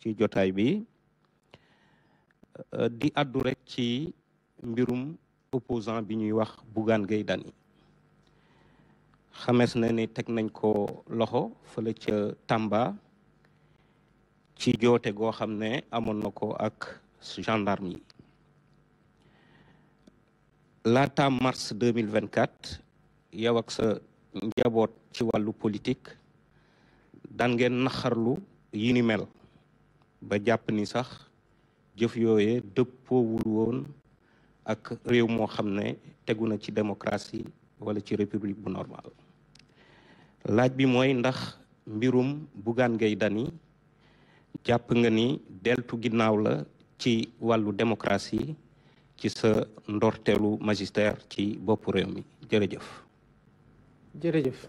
ci jotaay bi euh, di addu rekk ci mbirum opposant bi ñuy wax Bougane Gueye Dany xames na ni teg nañ ko loxo fële ca Tamba ci joote goo xam ne amoon na ko ak gendarme yi laata mars 2024 yow ak sa njaboot ci wàllu politik daan ngeen naxarlu yi mel ba jàpp ni sax jëf yooye dëppoowul woon ak réew moo xam ne tegu na ci démocratie wala ci république bu normal laaj bi mooy ndax mbirum Bougane Gueye dani jàpp nga ni deltu ginnaaw la ci wàllu démocratie ci sa ndorteelu magistère ci boppu réew mi jërëjëf jërëjëf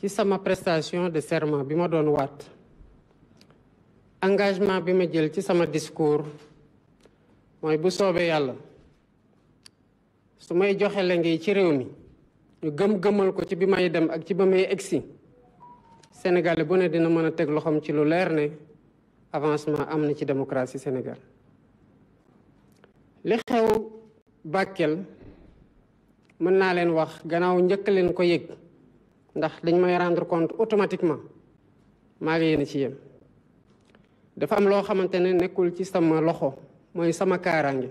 ci sama prestation de serment bi ma doon waat engagement bi ma jël ci sama discours moy bu soobee yalla sumay joxe la ngay ci réew mi ñu gëm-gëmal ko ci bi may dem ak ci ba may egsi Sénégalais bu ne dina mëna a teg loxoom ci lu leer ne avancement amna ci démocratie Sénégal li xew Bakel mën naa leen wax gannaaw njëkk leen ko yëg ndax dañ may rendre compte automatiquement maa ngi yéen ci yem dafa am loo xamante ne nekkul ci sama loxo mooy sama kaaraange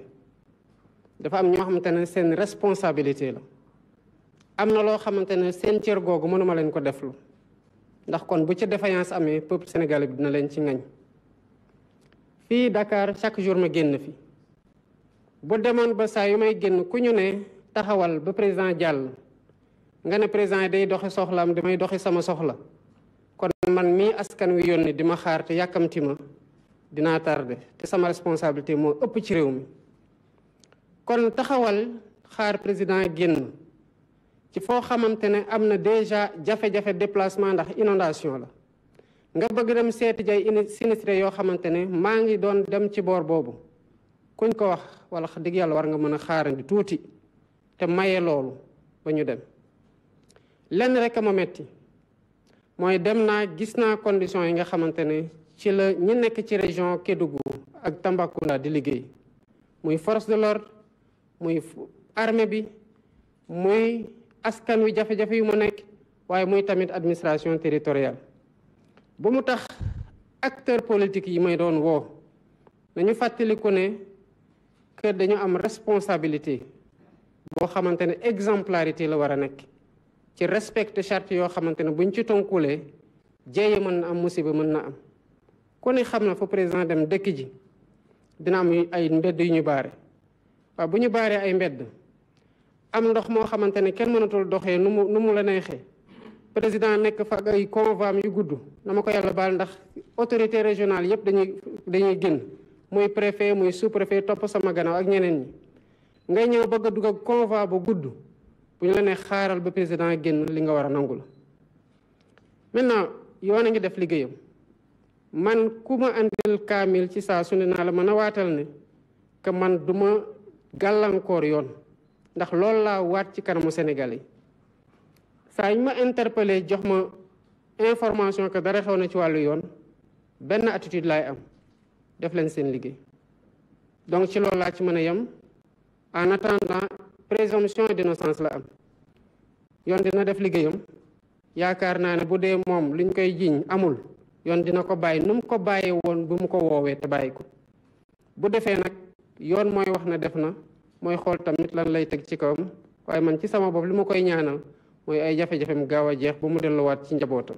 dafa am ñoo xamante ne seen responsabilité la am na loo xamante ne seen cër googu mënuma leen ko deflu ndax kon bu ci défaillance amee peuple sénégalais bi dina leen ci ngañ fii Dakar chaque jour ma génn fi bu demoon ba saa yu may génn ku ñu ne taxawal ba président jàll nga ne président day doxi soxlaam damay doxi sama soxla kon man mii askan wi yónni di ma xaar te yàkkamti ma dinaa tardé te sama responsabilité moo ëpp ci réew mi kon taxawal xaar président génn ci foo xamante ne am na déjà jafe-jafe déplacement ndax inondation la nga bëgg dem seeti jay sinistré yoo xamante ne maa ngi doon dem ci boor boobu kuñ ko wax wala dëgg yàlla war nga mën a xaarandi tuuti te maye loolu ba ñu dem lenn rek ma metti mooy dem naa gis naa condition yi nga xamante ne ci la ñu nekk ci région Kédougou ak Tambacounda di liggéey muy force de l'ordre muy armée bi muy askan wi jafe-jafe yu mu nekk waaye muy tamit administration territoriale ba mu tax acteur politique yi may doon woo nañu fàttaliku ne que dañu am responsabilité boo xamante ne exemplarité la war a nekk ci respecte charte yoo xamante ne buñ ci tonkulee jéeye mën na am musiba mën na am ku ne xam na fu président dem dëkk ji dina am ay mbedd yu ñu baare waaw bu ñu baaree ay mbedd am ndox moo xamante ne kenn mënatul doxee nu mu nu mu la neexee président nekk fa ay convois yu gudd dama ko yàlla baal ndax autorité régionale yépp dañuy dañuy génn muy préfet muy sous préfet topp sama ganaaw ak ñeneen ñi ngay ñëw bëgg a dugg ak convoi bu gudd bu ñu la nee xaaral ba président génn li nga war a nangu la maintenant yoon a ngi def liggéeyam man ku ma andil kaamil ci saa su ne naa la mën a waatal ne que man du ma gàllankoor yoon ndax loolu laa waat ci kanamu Sénégal yi saa ñu ma interpellé jox ma information que dara xew na ci wàllu yoon benn attitude laay am def leen seen liggéey donc ci loolu laa ci mën a yem en attendant présomption d'innocence la am yoon dina def liggéeyam yaakaar naa ne bu dee moom liñ koy jiiñ amul yoon dina ko bàyyi nu mu ko bàyyee woon bu mu ko woowee te bàyyi ko bu defee nag yoon mooy wax na def na mooy xool tamit lan lay teg ci kawam waaye man ci sama bopp li ma koy ñaanal mooy ay jafe-jafem gaaw a jeex ba mu delluwaat ci njabootam.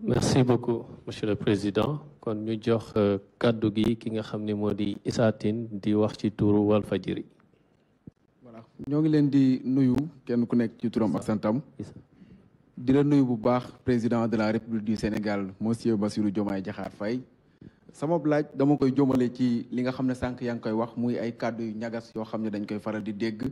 merci beaucoup monsieur le président kon ñu jox euh, kàddu gi ki nga xam ne moo di Issa di wax ci turu Walfadjri. voilà ñoo ngi leen di nuyu kenn ku nekk ci turam ak santam. di la nuyu bu baax président de la république du Sénégal monsieur Bassirou Diomaye Diakhar fay sama laaj dama koy jomale ci li nga xam sank yang koy wax muy ay kàddu yu ñagas yoo xam dañ koy faral di dégg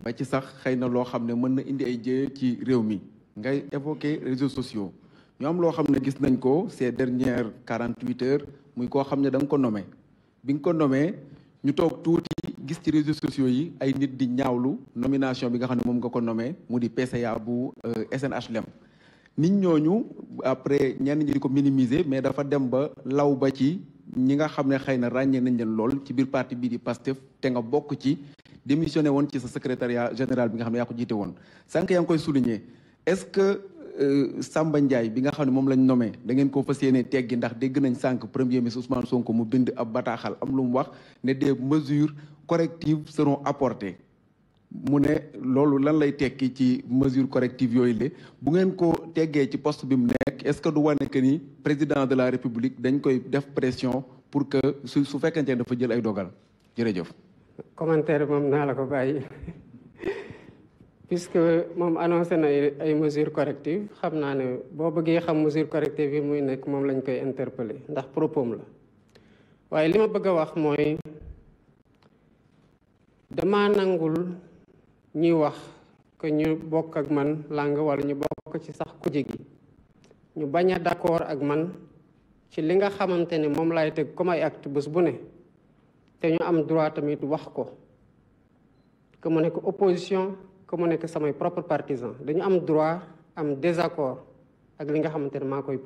ba ci sax xeyna lo loo xam mën na indi ay jéye ci réew mi ngay évoquer réseaux sociaux ñu am lo xam gis nañ ko ces dernières 48 heures muy ko xam ne da nga ko nommé bi nga ko nommé ñu toog tuuti gis ci réseaux sociaux yi ay nit di ñaawlu nomination bi nga xam ne moom nga ko nomee mu di PCA bu euh, SNHLM nit ñooñu après ñenn ñi di ko minimiser mais dafa dem ba law ba ci ñi nga xam ne xëy na ràññee nañ leen lool ci biir parti bii di Pastef te nga bokk ci démissionné woon ci sa secretariat général bi nga xam ne yaa ko jiite woon sànq yaa ngi koy souligner est Euh, Samba Ndiaye bi nga xam mom lañ nommé da ngeen ko fas yéene ndax dégg nañ sank premier ministre Ousmane Sonko mu bind ab bataxal am lu mu wax né des mesures correctives seront apportées mu né loolu lan lay tekki ci mesures correctives yooyu bu ngeen ko téggé ci poste bi mu est-ce que du wone que ni président de la république dañ koy def pression pour que su fekkante fekkente ne dafa jël ay dogal jërëjëf. commentaire mom naa la puisque moom annoncé na ay mesures correctives xam naa ne boo bëggee xam mesures correctives yi muy nekk moom lañu koy interpellé ndax propos la waaye li ma bëgg a wax mooy dama nangul ñuy wax que ñu bokk ak man langue wala ñu bokk ci sax kuje gi ñu bañ a d'accord ak man ci li nga xamante ne moom lay teg comme ay acte bés bu ne te ñu am droit tamit wax ko que mu nekk opposition comme on est que ça, mes propres partisans, nous avons le droit j'ai un désaccord avec les gens qui ont été